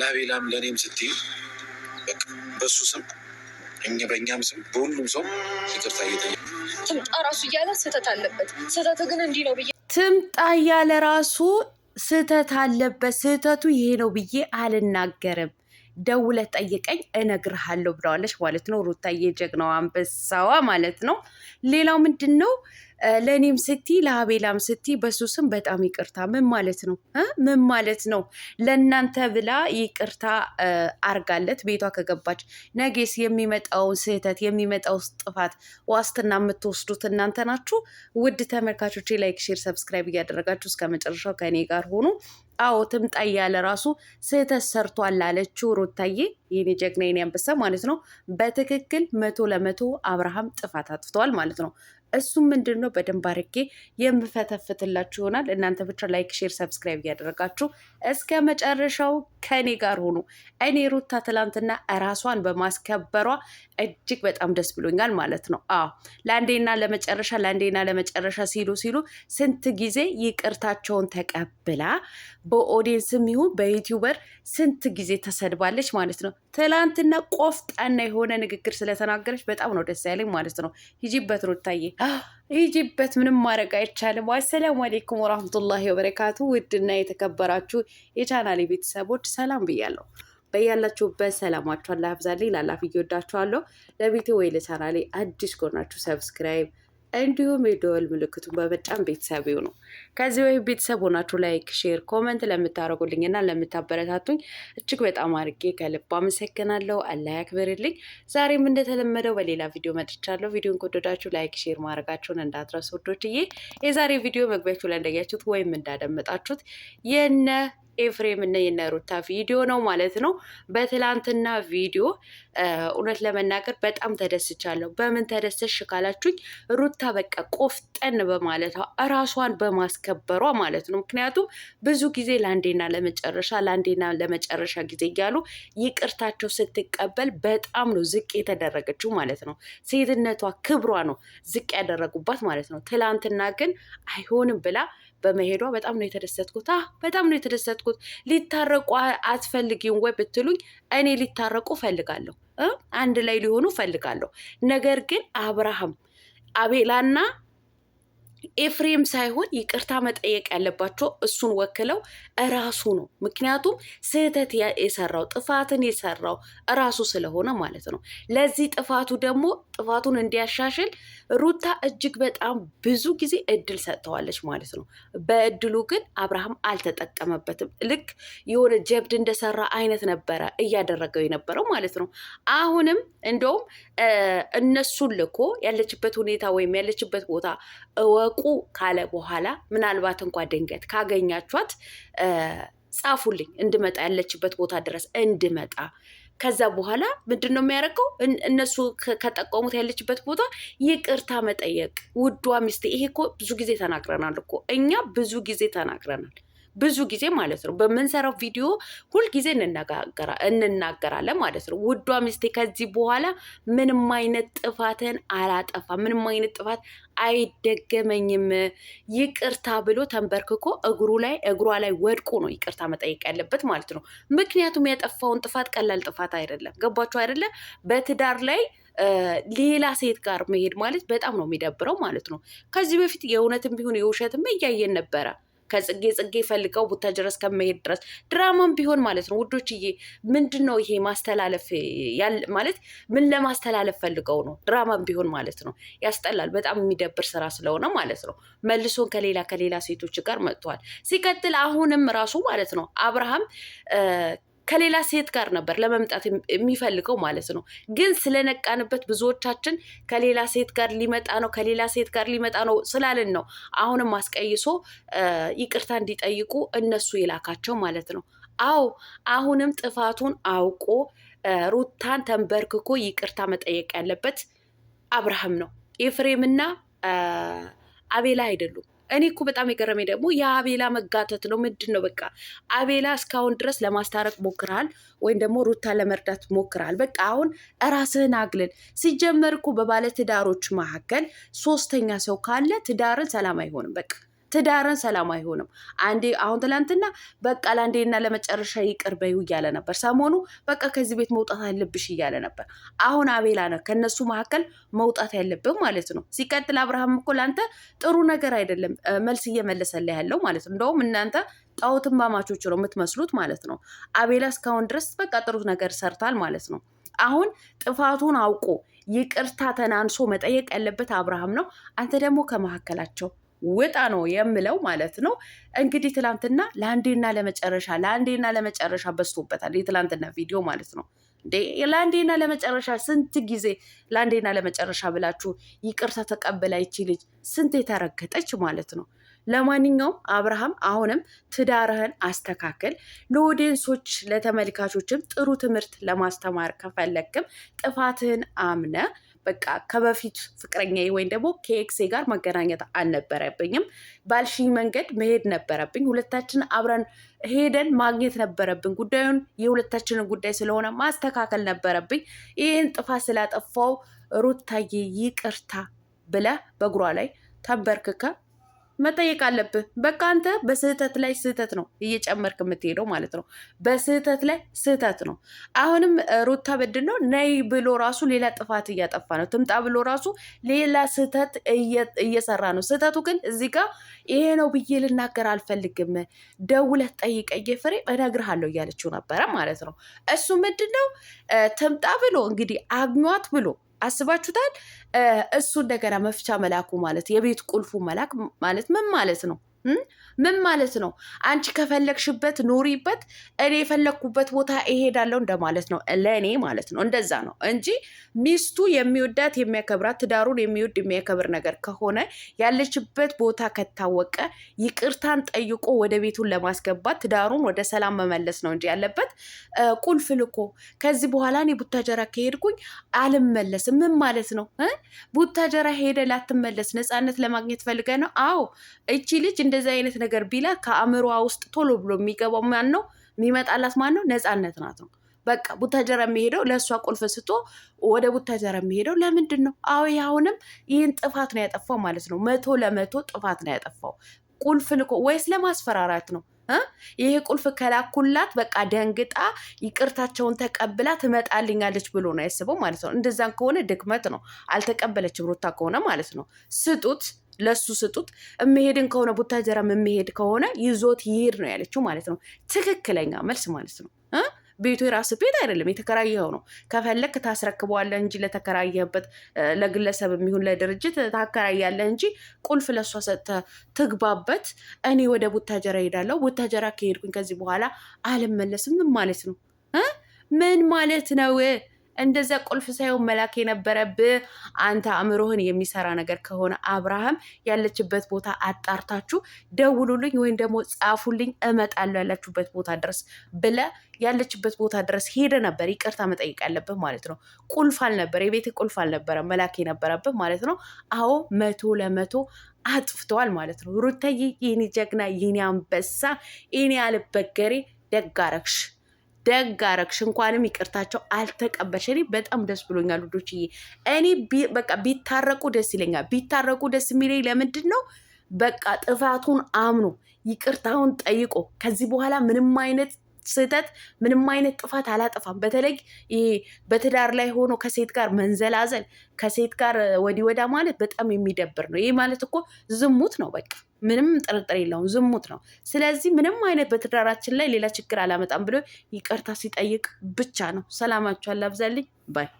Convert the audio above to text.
ለአቤላም ለእኔም ስትይ በሱ ስም እኛ በእኛም ስም በሁሉም ሰው ይቅርታ እየጠየቅ ትምጣ ራሱ እያለ ስህተት አለበት። ስህተት ግን እንዲህ ነው ብዬ ትምጣ እያለ ራሱ ስህተት አለበት። ስህተቱ ይሄ ነው ብዬ አልናገርም። ደውለህ ጠይቀኝ እነግርሃለሁ ብለዋለች ማለት ነው። ሩታዬ ጀግናዋ አንበሳዋ ማለት ነው። ሌላው ምንድን ነው ለእኔም ስቲ ለአቤላም ስቲ በሱ ስም በጣም ይቅርታ። ምን ማለት ነው? ምን ማለት ነው? ለእናንተ ብላ ይቅርታ አርጋለት ቤቷ ከገባች ነጌስ የሚመጣውን ስህተት የሚመጣው ጥፋት ዋስትና የምትወስዱት እናንተ ናችሁ። ውድ ተመልካቾቼ ላይክ፣ ሼር፣ ሰብስክራይብ እያደረጋችሁ እስከ መጨረሻው ከእኔ ጋር ሆኑ። አዎ ትምጣ እያለ ራሱ ስህተት ሰርቷል አለችው ሩታዬ፣ ይህኔ ጀግና የኔ አንበሳ ማለት ነው። በትክክል መቶ ለመቶ አብርሃም ጥፋት አጥፍተዋል ማለት ነው። እሱም ምንድን ነው በደንብ አድርጌ የምፈተፍትላችሁ ይሆናል። እናንተ ብቻ ላይክ፣ ሼር፣ ሰብስክራይብ እያደረጋችሁ እስከ መጨረሻው ከእኔ ጋር ሆኑ። እኔ ሩታ ትላንትና ራሷን በማስከበሯ እጅግ በጣም ደስ ብሎኛል ማለት ነው። አዎ ለአንዴና ለመጨረሻ ለአንዴና ለመጨረሻ ሲሉ ሲሉ ስንት ጊዜ ይቅርታቸውን ተቀብላ በኦዲየንስም ይሁን በዩቲዩበር ስንት ጊዜ ተሰድባለች ማለት ነው። ትላንትና ቆፍጣና የሆነ ንግግር ስለተናገረች በጣም ነው ደስ ያለኝ ማለት ነው። ሂጂበት ሩታዬ፣ ሂጂበት ምንም ማድረግ አይቻልም። አሰላሙ አሌይኩም ወራህመቱላሂ ወበረካቱ። ውድና የተከበራችሁ የቻናሌ ቤተሰቦች ሰላም ብያለሁ። በያላችሁበት ሰላማችሁ አላህ ያብዛልኝ። ላላፍ እየወዳችኋለሁ። ለቤቴ ወይ ለቻናሌ አዲስ ጎናችሁ ሰብስክራይብ እንዲሁም የደወል ምልክቱን በመጫን ቤተሰብ ይሁኑ። ከዚህ ወይ ቤተሰብ ሆናችሁ ላይክ፣ ሼር፣ ኮመንት ለምታደርጉልኝና ለምታበረታቱኝ እጅግ በጣም አድርጌ ከልብ አመሰግናለሁ። አላህ ያክብርልኝ። ዛሬም እንደተለመደው በሌላ ቪዲዮ መጥቻለሁ። ቪዲዮን ከወደዳችሁ ላይክ፣ ሼር ማድረጋችሁን እንዳትረሱ ውዶችዬ። የዛሬ ቪዲዮ መግቢያችሁ ላይ እንዳያችሁት ወይም እንዳደመጣችሁት የነ ኤፍሬም እና የነሩታ ቪዲዮ ነው ማለት ነው። በትላንትና ቪዲዮ እውነት ለመናገር በጣም ተደስቻለሁ። በምን ተደሰሽ ካላችሁኝ ሩታ በቃ ቆፍጠን በማለቷ እራሷን በማስከበሯ ማለት ነው። ምክንያቱም ብዙ ጊዜ ለአንዴና ለመጨረሻ ለአንዴና ለመጨረሻ ጊዜ እያሉ ይቅርታቸው ስትቀበል በጣም ነው ዝቅ የተደረገችው ማለት ነው። ሴትነቷ ክብሯ ነው ዝቅ ያደረጉባት ማለት ነው። ትላንትና ግን አይሆንም ብላ በመሄዷ በጣም ነው የተደሰትኩት። በጣም ነው የተደሰትኩት። ሊታረቁ አትፈልጊም ወይ ብትሉኝ እኔ ሊታረቁ ፈልጋለሁ አንድ ላይ ሊሆኑ ፈልጋለሁ ነገር ግን አብርሃም አቤላና ኤፍሬም ሳይሆን ይቅርታ መጠየቅ ያለባቸው እሱን ወክለው እራሱ ነው። ምክንያቱም ስህተት የሰራው ጥፋትን የሰራው እራሱ ስለሆነ ማለት ነው። ለዚህ ጥፋቱ ደግሞ ጥፋቱን እንዲያሻሽል ሩታ እጅግ በጣም ብዙ ጊዜ እድል ሰጥተዋለች ማለት ነው። በእድሉ ግን አብርሃም አልተጠቀመበትም። ልክ የሆነ ጀብድ እንደሰራ አይነት ነበረ እያደረገው የነበረው ማለት ነው። አሁንም እንደውም እነሱን ልኮ ያለችበት ሁኔታ ወይም ያለችበት ቦታ እወ እወቁ ካለ በኋላ ምናልባት እንኳ ድንገት ካገኛችኋት ጻፉልኝ እንድመጣ ያለችበት ቦታ ድረስ እንድመጣ። ከዛ በኋላ ምንድን ነው የሚያደርገው? እነሱ ከጠቆሙት ያለችበት ቦታ ይቅርታ መጠየቅ። ውዷ ሚስቴ፣ ይሄ እኮ ብዙ ጊዜ ተናግረናል እኮ እኛ ብዙ ጊዜ ተናግረናል። ብዙ ጊዜ ማለት ነው በምንሰራው ቪዲዮ ሁልጊዜ እንናገራለን ማለት ነው። ውዷ ሚስቴ ከዚህ በኋላ ምንም አይነት ጥፋትን አላጠፋ፣ ምንም አይነት ጥፋት አይደገመኝም፣ ይቅርታ ብሎ ተንበርክኮ እግሩ ላይ እግሯ ላይ ወድቆ ነው ይቅርታ መጠየቅ ያለበት ማለት ነው። ምክንያቱም ያጠፋውን ጥፋት ቀላል ጥፋት አይደለም። ገባችሁ አይደለም? በትዳር ላይ ሌላ ሴት ጋር መሄድ ማለት በጣም ነው የሚደብረው ማለት ነው። ከዚህ በፊት የእውነትም ቢሆን የውሸትም እያየን ነበረ። ከጽጌ ጽጌ ፈልገው ቡታጅራ ከመሄድ ድረስ ድራማም ቢሆን ማለት ነው ውዶችዬ፣ ምንድን ነው ይሄ ማስተላለፍ ማለት ምን ለማስተላለፍ ፈልገው ነው? ድራማም ቢሆን ማለት ነው ያስጠላል። በጣም የሚደብር ስራ ስለሆነ ማለት ነው መልሶን ከሌላ ከሌላ ሴቶች ጋር መጥተዋል። ሲቀጥል አሁንም ራሱ ማለት ነው አብርሃም ከሌላ ሴት ጋር ነበር ለመምጣት የሚፈልገው ማለት ነው። ግን ስለነቃንበት ብዙዎቻችን ከሌላ ሴት ጋር ሊመጣ ነው ከሌላ ሴት ጋር ሊመጣ ነው ስላልን ነው አሁንም አስቀይሶ ይቅርታ እንዲጠይቁ እነሱ የላካቸው ማለት ነው። አዎ አሁንም ጥፋቱን አውቆ ሩታን ተንበርክኮ ይቅርታ መጠየቅ ያለበት አብርሃም ነው። ኤፍሬምና አቤላ አይደሉም። እኔ እኮ በጣም የገረመኝ ደግሞ የአቤላ መጋተት ነው። ምንድን ነው በቃ አቤላ እስካሁን ድረስ ለማስታረቅ ሞክራል፣ ወይም ደግሞ ሩታ ለመርዳት ሞክራል በቃ አሁን እራስህን አግልል። ሲጀመር እኮ በባለትዳሮች መካከል ሶስተኛ ሰው ካለ ትዳርን ሰላም አይሆንም በቃ ትዳርን ሰላም አይሆንም። አንዴ አሁን ትላንትና በቃ ለአንዴና ለመጨረሻ ይቅር በይው እያለ ነበር። ሰሞኑ በቃ ከዚህ ቤት መውጣት አለብሽ እያለ ነበር። አሁን አቤላ ነው ከነሱ መካከል መውጣት ያለብህ ማለት ነው። ሲቀጥል አብርሃም እኮ ለአንተ ጥሩ ነገር አይደለም መልስ እየመለሰልህ ያለው ማለት ነው። እንደውም እናንተ ጣዖት ማማቾች ነው የምትመስሉት ማለት ነው። አቤላ እስካሁን ድረስ በቃ ጥሩ ነገር ሰርታል ማለት ነው። አሁን ጥፋቱን አውቆ ይቅርታ ተናንሶ መጠየቅ ያለበት አብርሃም ነው። አንተ ደግሞ ከመካከላቸው ውጣ ነው የምለው ማለት ነው። እንግዲህ ትላንትና ለአንዴና ለመጨረሻ ለአንዴና ለመጨረሻ በዝቶበታል የትላንትና ቪዲዮ ማለት ነው። ለአንዴና ለመጨረሻ ስንት ጊዜ ለአንዴና ለመጨረሻ ብላችሁ ይቅርታ ተቀበላ ይቺ ልጅ ስንት የተረገጠች ማለት ነው። ለማንኛውም አብርሃም አሁንም ትዳርህን አስተካክል። ለኦዲየንሶች ለተመልካቾችም ጥሩ ትምህርት ለማስተማር ከፈለግክም ጥፋትህን አምነ በቃ ከበፊት ፍቅረኛ ወይም ደግሞ ከኤክሴ ጋር መገናኘት አልነበረብኝም። ባልሽኝ መንገድ መሄድ ነበረብኝ። ሁለታችን አብረን ሄደን ማግኘት ነበረብኝ። ጉዳዩን የሁለታችንን ጉዳይ ስለሆነ ማስተካከል ነበረብኝ። ይህን ጥፋት ስላጠፋው ሩታዬ ይቅርታ ብለ በእግሯ ላይ ተንበርክከ መጠየቅ አለብህ። በቃ አንተ በስህተት ላይ ስህተት ነው እየጨመርክ የምትሄደው ማለት ነው። በስህተት ላይ ስህተት ነው። አሁንም ሩታ በድል ነው ነይ ብሎ ራሱ ሌላ ጥፋት እያጠፋ ነው። ትምጣ ብሎ ራሱ ሌላ ስህተት እየሰራ ነው። ስህተቱ ግን እዚህ ጋር ይሄ ነው ብዬ ልናገር አልፈልግም፣ ደውለህ ጠይቀኝ ፍሬ እነግርሃለሁ እያለችው ነበረ ማለት ነው። እሱ ምንድን ነው ትምጣ ብሎ እንግዲህ አግኟት ብሎ አስባችሁታል? እሱ እንደገና መፍቻ መላኩ ማለት የቤት ቁልፉ መላክ ማለት ምን ማለት ነው? ምን ማለት ነው? አንቺ ከፈለግሽበት ኑሪበት፣ እኔ የፈለግኩበት ቦታ እሄዳለሁ እንደማለት ነው። ለእኔ ማለት ነው እንደዛ ነው እንጂ ሚስቱ የሚወዳት የሚያከብራት፣ ትዳሩን የሚወድ የሚያከብር ነገር ከሆነ ያለችበት ቦታ ከታወቀ ይቅርታን ጠይቆ ወደ ቤቱን ለማስገባት ትዳሩን ወደ ሰላም መመለስ ነው እንጂ ያለበት ቁልፍ ልኮ ከዚህ በኋላ እኔ ቡታጀራ ከሄድኩኝ አልመለስም። ምን ማለት ነው? ቡታጀራ ሄደ ላትመለስ ነፃነት ለማግኘት ፈልገ ነው? አዎ እቺ ልጅ እንደዚህ አይነት ነገር ቢላ ከአእምሯ ውስጥ ቶሎ ብሎ የሚገባው ማን ነው? የሚመጣላት ማን ነው? ነፃነት ናት ነው በቃ ቡታጀራ የሚሄደው ለእሷ ቁልፍ ስቶ ወደ ቡታጀራ የሚሄደው ለምንድን ነው? አዎ አሁንም ይህን ጥፋት ነው ያጠፋው ማለት ነው። መቶ ለመቶ ጥፋት ነው ያጠፋው። ቁልፍ ልኮ ወይስ ለማስፈራራት ነው? ይሄ ቁልፍ ከላኩላት በቃ ደንግጣ ይቅርታቸውን ተቀብላ ትመጣልኛለች ብሎ ነው ያስበው ማለት ነው። እንደዛን ከሆነ ድክመት ነው። አልተቀበለችም ሩታ ከሆነ ማለት ነው ስጡት ለሱ ስጡት። የምሄድን ከሆነ ቡታጀራም የሚሄድ ከሆነ ይዞት ይሄድ ነው ያለችው ማለት ነው። ትክክለኛ መልስ ማለት ነው። ቤቱ የራስ ቤት አይደለም፣ የተከራየኸው ነው። ከፈለክ ታስረክበዋለህ እንጂ ለተከራየህበት ለግለሰብ የሚሆን ለድርጅት ታከራያለህ እንጂ ቁልፍ ለእሷ ሰጥተህ ትግባበት። እኔ ወደ ቡታጀራ ሄዳለሁ፣ ቡታጀራ ከሄድኩኝ ከዚህ በኋላ አልመለስም ማለት ነው። ምን ማለት ነው? እንደዚያ ቁልፍ ሳይሆን መላክ የነበረብህ አንተ አእምሮህን የሚሰራ ነገር ከሆነ አብርሃም ያለችበት ቦታ አጣርታችሁ ደውሉልኝ ወይም ደግሞ ጻፉልኝ፣ እመጣለሁ ያላችሁበት ቦታ ድረስ ብለ ያለችበት ቦታ ድረስ ሄደ ነበር ይቅርታ መጠየቅ ያለብህ ማለት ነው። ቁልፍ አልነበረ፣ የቤት ቁልፍ አልነበረ መላክ የነበረብህ ማለት ነው። አዎ መቶ ለመቶ አጥፍተዋል ማለት ነው። ሩተይ የኔ ጀግና፣ የኔ አንበሳ፣ የኔ አልበገሬ ደጋረግሽ ደግ አረግሽ፣ እንኳንም ይቅርታቸው አልተቀበልሽ። እኔ በጣም ደስ ብሎኛል ውዶችዬ። እኔ በቃ ቢታረቁ ደስ ይለኛል። ቢታረቁ ደስ የሚለኝ ለምንድን ነው? በቃ ጥፋቱን አምኖ ይቅርታውን ጠይቆ ከዚህ በኋላ ምንም አይነት ስህተት ምንም አይነት ጥፋት አላጠፋም። በተለይ ይሄ በትዳር ላይ ሆኖ ከሴት ጋር መንዘላዘል፣ ከሴት ጋር ወዲህ ወዳ ማለት በጣም የሚደብር ነው። ይህ ማለት እኮ ዝሙት ነው። በቃ ምንም ጥርጥር የለውም ዝሙት ነው። ስለዚህ ምንም አይነት በትዳራችን ላይ ሌላ ችግር አላመጣም ብሎ ይቅርታ ሲጠይቅ ብቻ ነው። ሰላማችሁ አላብዛልኝ ባይ